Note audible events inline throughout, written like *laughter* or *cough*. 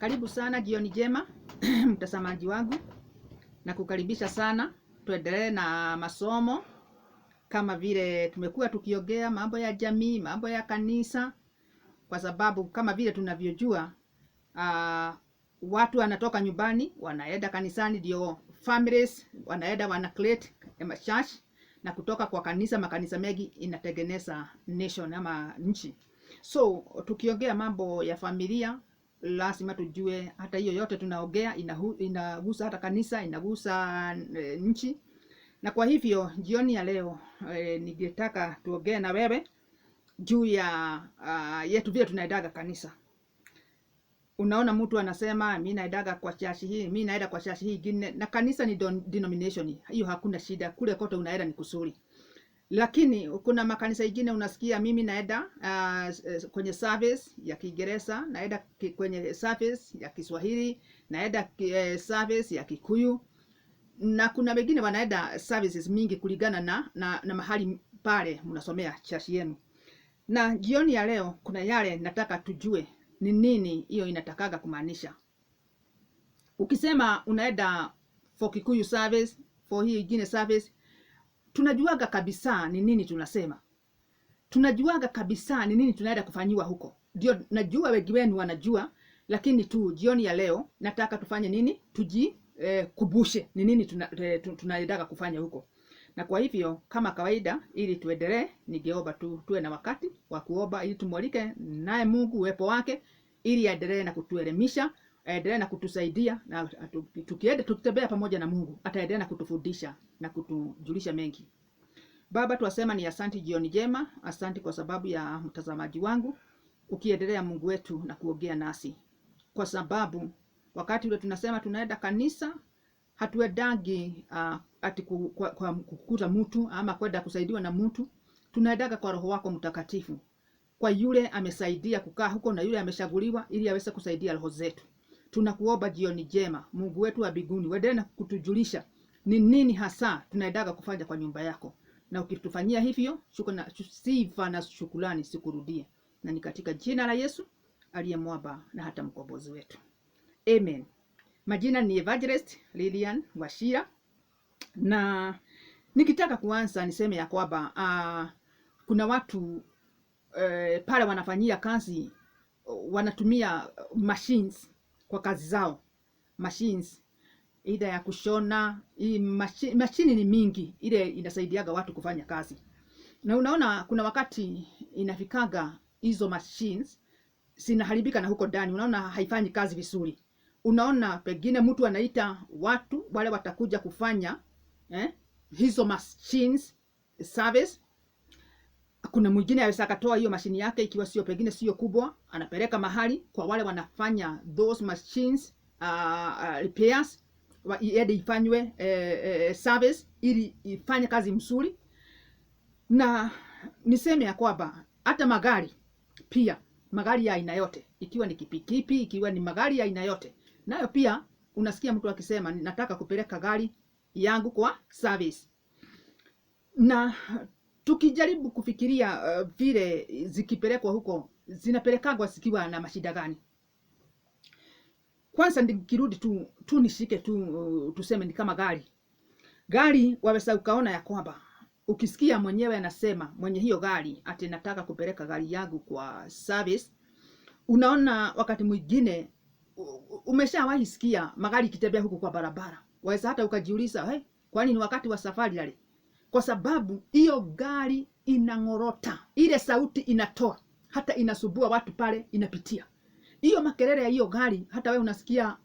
Karibu sana, jioni njema *clears throat* mtazamaji wangu, na kukaribisha sana. Tuendelee na masomo kama vile tumekuwa tukiongea mambo ya jamii, mambo ya kanisa, kwa sababu kama vile tunavyojua uh, watu wanatoka nyumbani wanaenda kanisani, ndio families wanaenda wana create church, na kutoka kwa kanisa makanisa mengi inatengeneza nation ama nchi. So tukiongea mambo ya familia lazima tujue hata hiyo yote tunaogea inahu, inagusa hata kanisa inagusa e, nchi. Na kwa hivyo jioni ya leo e, ningetaka tuogee na wewe juu ya uh, yetu vile tunaendaga kanisa. Unaona, mtu anasema mimi naendaga kwa chashi hii, mimi naenda kwa chashi hii ingine, na kanisa ni don, denomination hiyo, hakuna shida kule kote unaenda ni kusuri lakini kuna makanisa ingine unasikia mimi naenda uh, kwenye service ya Kiingereza, naenda kwenye service ya Kiswahili, naenda uh, service ya Kikuyu na kuna wengine wanaenda services mingi kulingana na, na, na mahali pale mnasomea chashi yenu. Na jioni ya leo kuna yale nataka tujue ni nini hiyo inatakaga kumaanisha. Ukisema unaenda for Kikuyu service, for hii ingine service tunajuaga kabisa ni nini tunasema, tunajuaga kabisa ni nini tunaenda kufanyiwa huko. Ndio najua wengi wenu wanajua, lakini tu jioni ya leo nataka tufanye nini, tujikubushe eh, ni nini eh, tunaendaga kufanya huko. Na kwa hivyo kama kawaida, ili tuendelee, ningeomba tu tuwe na wakati wa kuomba ili tumwalike naye Mungu uwepo wake ili aendelee na kutuelemisha aendelee na kutusaidia na tukienda tukitembea pamoja na Mungu ataendelea na kutufundisha na kutujulisha mengi. Baba, tuwasema ni asanti, jioni njema. Asanti kwa sababu ya mtazamaji wangu ukiendelea, Mungu wetu, na kuongea nasi, kwa sababu wakati ule tunasema tunaenda kanisa, hatuendangi uh, ati kwa, kukuta mtu ama kwenda kusaidiwa na mtu. Tunaendaga kwa Roho wako Mtakatifu, kwa yule amesaidia kukaa huko na yule ameshaguliwa, ili aweze kusaidia roho zetu. Tunakuomba jioni njema, Mungu wetu wa biguni, uendelee na kutujulisha ni nini hasa tunaendaga kufanya kwa nyumba yako, na ukitufanyia hivyo, sifa na shukrani sikurudie, na ni katika jina la Yesu aliye mwamba na hata mkombozi wetu, amen. Majina ni Evangelist Lilian Washira, na nikitaka kuanza niseme ya kwamba uh, kuna watu eh, pale wanafanyia kazi wanatumia machines kwa kazi zao machines ida ya kushona hii mashini, mashini ni mingi ile inasaidiaga watu kufanya kazi, na unaona kuna wakati inafikaga hizo machines zinaharibika na huko ndani, unaona haifanyi kazi vizuri. Unaona pengine mtu anaita watu wale watakuja kufanya eh, hizo machines service kuna mwingine aweza akatoa hiyo mashini yake ikiwa sio pengine sio kubwa, anapeleka mahali kwa wale wanafanya those machines uh, uh, repairs iende ifanywe eh, eh, service ili ifanye kazi mzuri, na niseme ya kwamba hata magari pia, magari ya aina yote, ikiwa ni kipikipi, ikiwa ni magari ya aina yote, nayo pia unasikia mtu akisema nataka kupeleka gari yangu kwa service na tukijaribu kufikiria uh, vile zikipelekwa huko zinapelekagwa zikiwa na mashida gani? Kwanza nikirudi tu, tu nishike tu uh, tuseme ni kama gari gari, waweza ukaona ya kwamba ukisikia mwenyewe anasema mwenye hiyo gari ati nataka kupeleka gari yangu kwa service, unaona wakati mwingine umeshawahi sikia magari ikitembea huku kwa barabara, waweza hata ukajiuliza hey, kwani ni wakati wa safari yale? kwa sababu hiyo gari inang'orota, ile sauti inatoa, hata inasubua watu pale inapitia. Hiyo makelele ya hiyo gari, hata wewe unasikia,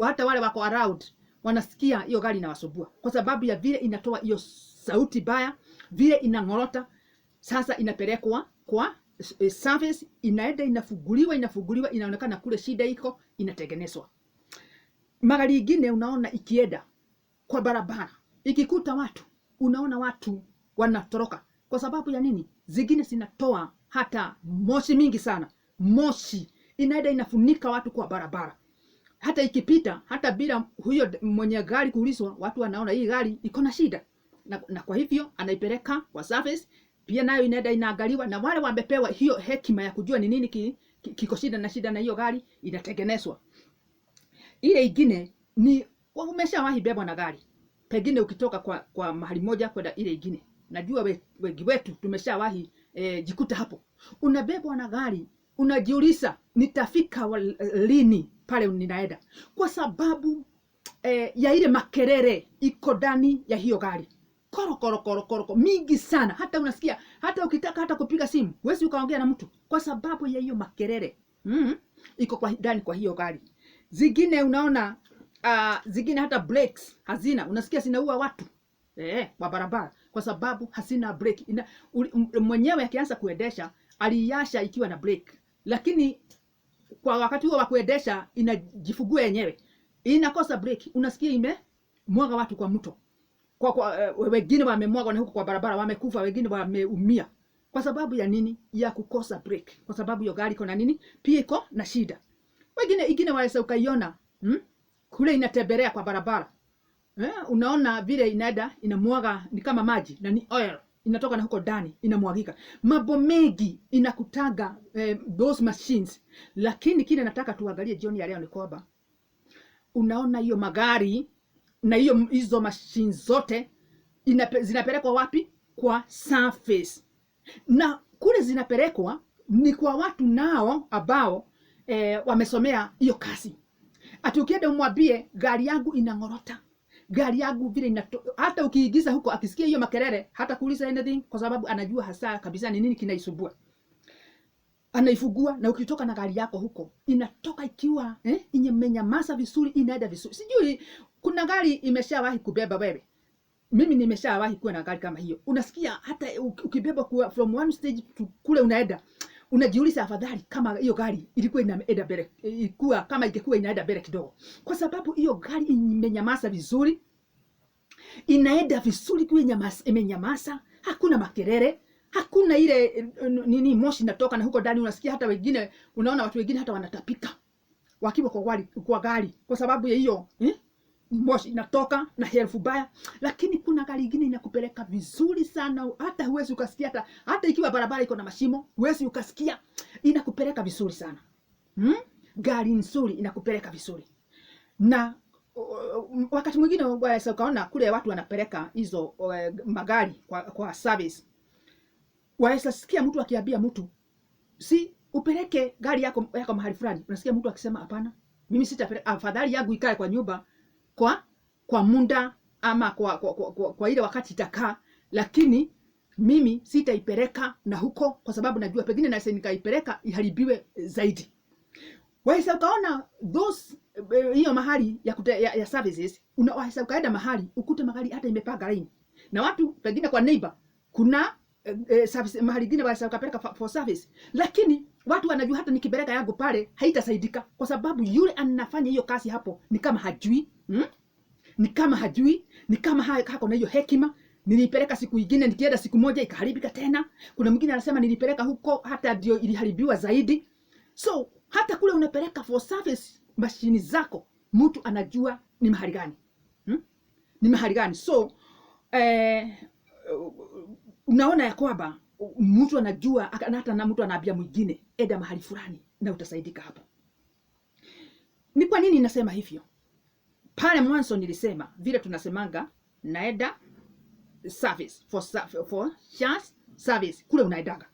hata wale wako around wanasikia hiyo gari inawasubua, kwa sababu ya vile inatoa hiyo sauti baya, vile inang'orota. Sasa inapelekwa kwa e, service, inaenda inafuguliwa, inafuguliwa, inaonekana kule shida iko, inatengenezwa. Magari ingine unaona ikienda kwa barabara ikikuta watu unaona watu wanatoroka kwa sababu ya nini? Zingine zinatoa hata moshi mingi sana, moshi inaenda inafunika watu kwa barabara, hata ikipita, hata bila huyo mwenye gari kuulizwa, watu wanaona hii gari iko na shida na, na kwa hivyo anaipeleka kwa service pia nayo inaenda inaangaliwa na wale wamepewa hiyo hekima ya kujua ni nini ki, ki, kiko shida na shida na hiyo gari inatengenezwa. Ile ingine ni umeshawahi bebwa na gari pengine ukitoka kwa, kwa mahali moja kwenda ile ingine. Najua wengi we, wetu tumeshawahi e, jikuta hapo, unabebwa na gari, unajiuliza nitafika eh, lini pale ninaenda, kwa sababu e, ya ile makerere iko ndani ya hiyo gari koro koro koro koro koro mingi sana, hata unasikia hata ukitaka hata kupiga simu huwezi ukaongea na mtu kwa sababu ya hiyo makerere mm, -hmm. iko kwa ndani kwa hiyo gari. Zingine unaona uh, zingine hata brakes hazina, unasikia zinaua watu eh, kwa barabara kwa sababu hazina brake. Ina, mwenyewe akianza kuendesha aliyasha ikiwa na brake, lakini kwa wakati huo wa kuendesha inajifugua yenyewe, inakosa brake, unasikia ime mwaga watu kwa mto kwa, kwa, uh, wengine wamemwaga na huko kwa barabara wamekufa, wengine wameumia kwa sababu ya nini? Ya kukosa brake, kwa sababu hiyo gari iko na nini, pia iko na shida. Wengine ingine waweza ukaiona hmm? kule inatembelea kwa barabara eh, unaona vile inaenda inamwaga, ni kama maji na ni oil inatoka na huko ndani inamwagika. Mambo mengi inakutaga eh, those machines. Lakini kile nataka tuangalie jioni ya leo ni kwamba unaona hiyo magari na hiyo hizo machines zote inape, zinapelekwa wapi? Kwa surface na kule zinapelekwa ni kwa watu nao ambao eh, wamesomea hiyo kazi Ati ukienda umwambie gari yangu inang'orota, gari yangu vile ina, hata ukiigiza huko akisikia hiyo makelele hata kuuliza anything, kwa sababu anajua hasa kabisa ni nini kinaisumbua. Anaifugua na ukitoka na gari yako huko inatoka ikiwa eh, imenyamaza vizuri, inaenda vizuri. Sijui kuna gari imeshawahi kubeba wewe mimi nimeshawahi kuwa na gari kama hiyo. Unasikia hata ukibeba kuwa from one stage to kule unaenda unajiuliza afadhali kama hiyo gari ilikuwa inaenda mbele, ilikuwa kama ingekuwa inaenda mbele kidogo, kwa sababu hiyo gari imenyamaza vizuri, inaenda vizuri, imenyamaza, hakuna makelele hakuna ile eh, nini moshi inatoka na huko ndani unasikia. Hata wengine unaona watu wengine hata wanatapika wakiwa kwa gari, kwa sababu ya hiyo eh? moshi inatoka na herufu baya, lakini kuna gari ingine inakupeleka vizuri sana, hata huwezi ukasikia. Hata hata ikiwa barabara iko na mashimo, huwezi ukasikia, inakupeleka vizuri sana hmm? Gari nzuri inakupeleka vizuri na wakati mwingine ukaona kule watu wanapeleka hizo uh, magari kwa, kwa service. Waweza sikia mtu akiambia mtu si upeleke gari yako, yako mahali fulani. Unasikia mtu akisema hapana, mimi sitapeleka, afadhali yangu ikae kwa nyumba kwa kwa muda ama kwa, kwa, kwa, kwa, kwa ile wakati itakaa, lakini mimi sitaipeleka na huko kwa sababu najua pengine naweza nikaipeleka iharibiwe zaidi. Waweza ukaona those eh, hiyo mahali ya, kute, ya, ya services una unaweza ukaenda mahali ukute magari hata imepaga line na watu pengine kwa neighbor kuna eh, eh service mahali gine waweza ukapeleka for service, lakini watu wanajua hata nikipeleka yangu pale haitasaidika, kwa sababu yule anafanya hiyo kazi hapo ni kama hajui hmm? Ni kama hajui, ni kama hako na hiyo hekima. Nilipeleka siku ingine, nikienda siku moja ikaharibika tena. Kuna mwingine anasema nilipeleka huko, hata ndio iliharibiwa zaidi. So hata kule unapeleka for service mashini zako, mtu anajua ni mahali gani hmm? Ni mahali gani? So eh, unaona ya kwamba mtu anajua, hata na mtu anaambia mwingine eda mahali fulani na utasaidika hapo. Ni kwa nini nasema hivyo? pale mwanzo nilisema vile tunasemanga naenda service for, for chance service kule unaendaga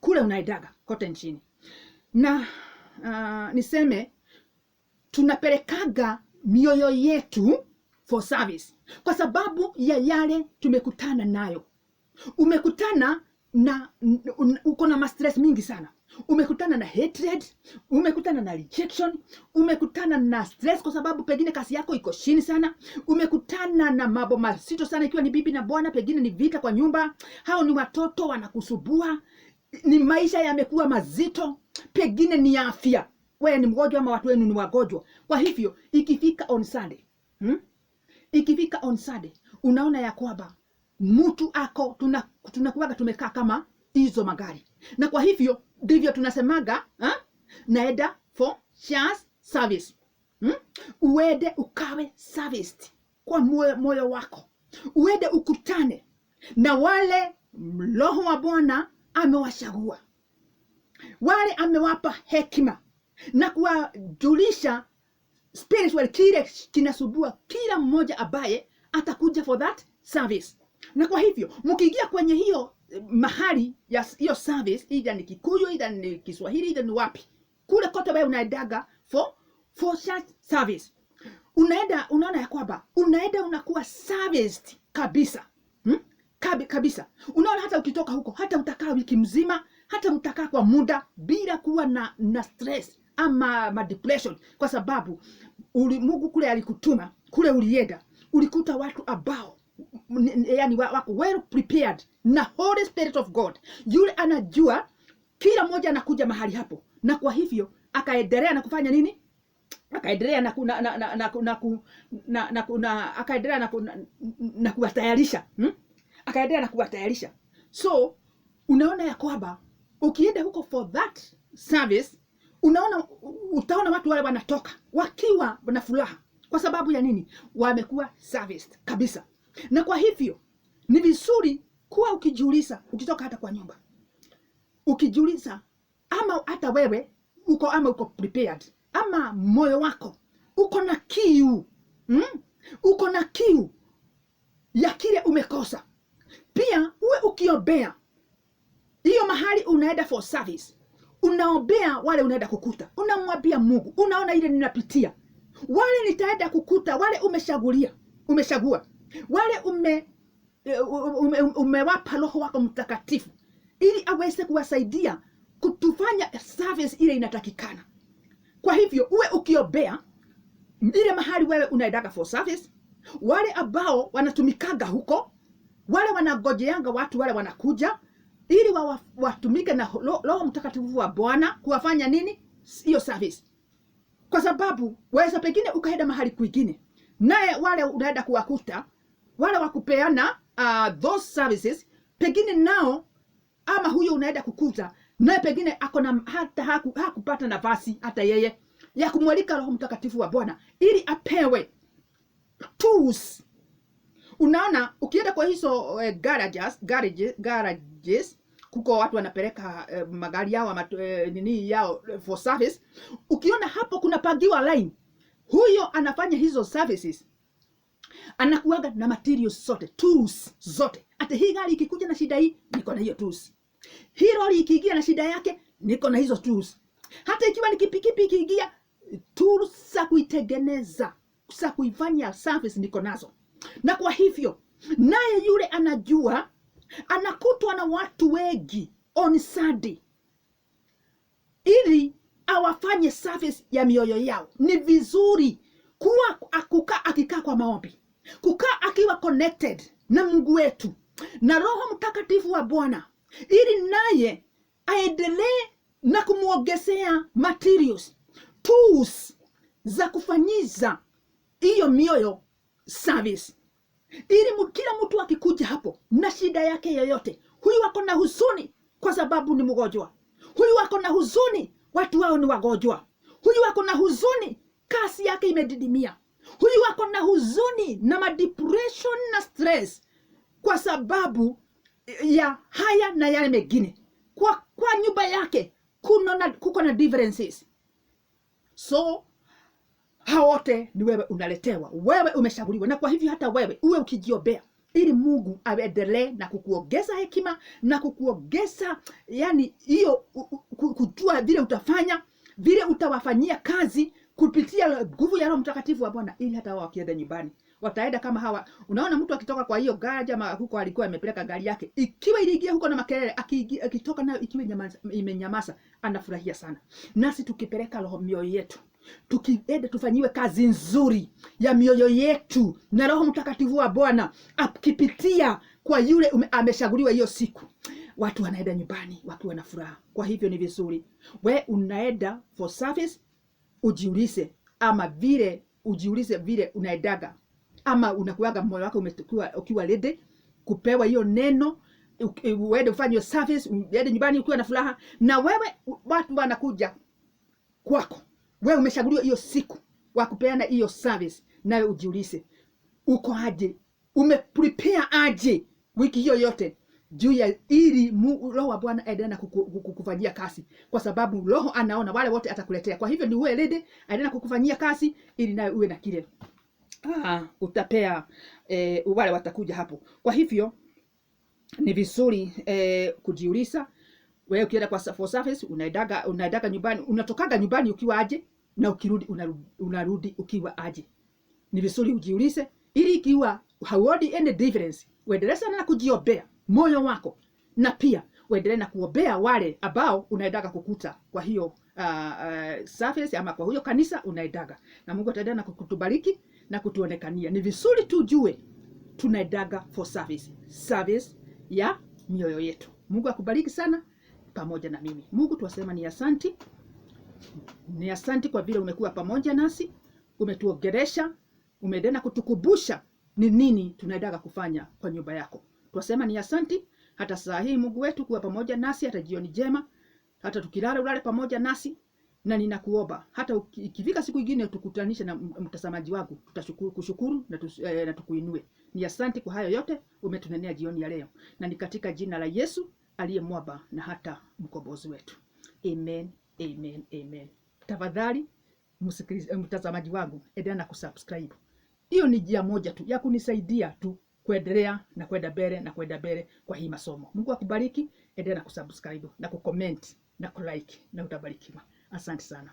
kule unaendaga kote nchini na uh, niseme tunapelekaga mioyo yetu for service kwa sababu ya yale tumekutana nayo. Umekutana na uko na mastress mingi sana umekutana na hatred, umekutana na rejection, umekutana na stress kwa sababu pengine kazi yako iko chini sana, umekutana na mambo mazito sana, ikiwa ni bibi na bwana, pengine ni vita kwa nyumba, hao ni watoto wanakusubua, ni maisha yamekuwa mazito, pengine ni afya, wewe ni mgonjwa ama watu wenu ni wagonjwa. Kwa hivyo ikifika on Sunday, hmm? ikifika on Sunday unaona ya kwamba mtu ako tunakuwaga tuna tumekaa kama hizo magari na kwa hivyo ndivyo tunasemaga ha? Eh? naenda for chance service hmm? uende ukawe serviced kwa moyo wako, uende ukutane na wale Roho wa Bwana amewachagua wale amewapa hekima na kuwajulisha spiritual kile kinasubua kila mmoja ambaye atakuja for that service. Na kwa hivyo mkiingia kwenye hiyo mahali ya hiyo service, ida ni Kikuyu, ida ni Kiswahili, ida ni wapi, kule kote wewe unaendaga for for such service, unaenda unaona ya kwamba unaenda unakuwa serviced kabisa hmm? Kabi, kabisa unaona, hata ukitoka huko, hata utakaa wiki mzima, hata utakaa kwa muda bila kuwa na, na stress ama ma depression, kwa sababu uli, Mungu kule alikutuma kule, ulienda ulikuta watu ambao yani wako well prepared na Holy Spirit of God yule anajua kila mmoja anakuja mahali hapo, na kwa hivyo akaendelea na kufanya nini? Akaendelea na akaendelea na kuwatayarisha, hmm? akaendelea na kuwatayarisha. So unaona ya kwamba ukienda huko for that service, unaona utaona watu wale wanatoka wakiwa na furaha. Kwa sababu ya nini? Wamekuwa serviced kabisa, na kwa hivyo ni vizuri kuwa ukijiuliza, ukitoka hata kwa nyumba ukijiuliza, ama hata wewe uko ama uko prepared, ama moyo wako uko na kiu mm? uko na kiu ya kile umekosa. Pia uwe ukiombea hiyo mahali unaenda for service, unaombea wale unaenda kukuta, unamwambia Mungu, unaona ile ninapitia, wale nitaenda kukuta, wale umeshagulia, umeshagua wale ume Eh, umewapa Roho wako Mtakatifu ili aweze kuwasaidia kutufanya service ile inatakikana. Kwa hivyo uwe ukiombea ile mahali wewe unaendaga for service, wale ambao wanatumikaga huko, wale wanagojeanga watu wale wanakuja ili wa, watumike na Roho Mtakatifu wa Bwana kuwafanya nini hiyo service, kwa sababu waweza pengine ukaenda mahali kwingine, naye wale unaenda kuwakuta wale wakupeana uh, those services pengine nao ama huyo unaenda kukuta naye pengine ako na hata hakupata haku nafasi hata yeye ya kumwalika Roho Mtakatifu wa Bwana ili apewe tools. Unaona, ukienda kwa hizo eh, garages, garages, garages kuko watu wanapeleka eh, magari yao ama eh, nini yao eh, for service. Ukiona hapo kuna pagiwa line, huyo anafanya hizo services anakuaga na materials zote, tools zote. Ati hii gari ikikuja na shida hii, niko na hiyo tools. Hii lori ikiingia na shida yake, niko na hizo tools. Hata ikiwa ni kipikipi ikiingia, tools za kuitengeneza, za kuifanya service niko nazo. Na kwa hivyo naye yule anajua anakutwa na watu wengi on Sunday ili awafanye service ya mioyo yao. Ni vizuri kuwa akukaa akikaa kwa maombi kukaa akiwa connected na Mungu wetu na Roho Mtakatifu wa Bwana ili naye aendelee na kumwongezea materials tools za kufanyiza hiyo mioyo service, ili kila mtu akikuja hapo na shida yake yoyote, huyu wako na huzuni kwa sababu ni mgonjwa, huyu wako na huzuni watu wao ni wagonjwa, huyu wako na huzuni kasi yake imedidimia Huyu ako na huzuni na madepression na stress kwa sababu ya haya na yale mengine. Kwa, kwa nyumba yake kuna kuko na differences, so hao wote ni wewe unaletewa, wewe umeshaguliwa, Na kwa hivyo hata wewe uwe ukijiombea ili Mungu aendelee na kukuongeza hekima na kukuongeza yani hiyo kujua vile utafanya vile utawafanyia kazi kupitia nguvu ya Roho Mtakatifu wa Bwana, ili hata wao wakienda nyumbani wataenda kama hawa. Unaona, mtu akitoka kwa hiyo gari ama huko alikuwa amepeleka gari yake, ikiwa iliingia huko na makelele, akitoka nayo ikiwa imenyamaza, anafurahia sana. Nasi tukipeleka roho mioyo yetu tukienda tufanyiwe kazi nzuri ya mioyo yetu na Roho Mtakatifu wa Bwana akipitia kwa yule ameshaguliwa hiyo siku, watu wanaenda nyumbani wakiwa na furaha. Kwa hivyo ni vizuri we unaenda for service ujiulize, ama vile ujiulize vile unaedaga ama unakuaga moyo wako umetukiwa ukiwa ready kupewa hiyo neno, uende ufanye service, uende nyumbani ukiwa na furaha. Na wewe watu wanakuja kwako, wewe umeshaguliwa hiyo siku wa kupeana hiyo service, nawe ujiulize uko aje, umeprepare aje wiki hiyo yote juu ya ili roho wa Bwana aendelee na kukufanyia kazi, kwa sababu roho anaona wale wote atakuletea. Kwa hivyo ni wewe ready, aendelee na kukufanyia kazi ili nawe uwe na kile ah, utapea eh, wale watakuja hapo. Kwa hivyo ni vizuri eh, kujiuliza wewe ukienda kwa for service unaidaga unaidaga nyumbani, unatokaga nyumbani ukiwa aje na ukirudi unarudi, unarudi ukiwa aje? Ni vizuri ujiulize, ili ikiwa hauoni any difference, uendelee sana na kujiobea moyo wako, na pia uendelee na kuombea wale ambao unaendaga kukuta kwa hiyo uh, uh, service ama kwa hiyo kanisa unaendaga, na Mungu ataendelea na kutubariki na kutuonekania. Ni vizuri tujue tunaendaga for service, service ya mioyo yetu. Mungu akubariki sana pamoja na mimi. Mungu tuwasema ni asanti, ni asanti kwa vile umekuwa pamoja nasi, umetuogeresha umeendelea kutukubusha ni nini tunaendaga kufanya kwa nyumba yako. Twasema ni asanti hata saa hii Mungu wetu kuwa pamoja nasi hata jioni njema, hata tukilala ulale pamoja nasi, na ninakuomba hata ikifika siku ingine tukutanisha na mtazamaji wako, tutashukuru kushukuru na, tu, eh, na tukuinue. Ni asanti kwa hayo yote umetunenea jioni ya leo, na ni katika jina la Yesu aliye mwaba na hata mkombozi wetu, amen, amen, amen. Tafadhali msikilizaji, mtazamaji wangu, endelea na kusubscribe. Hiyo ni njia moja tu ya kunisaidia tu kuendelea na kwenda mbele na kwenda mbele kwa hii masomo. Mungu akubariki, endelea na kusubscribe na kucomment na kulike na utabarikiwa. Asante sana.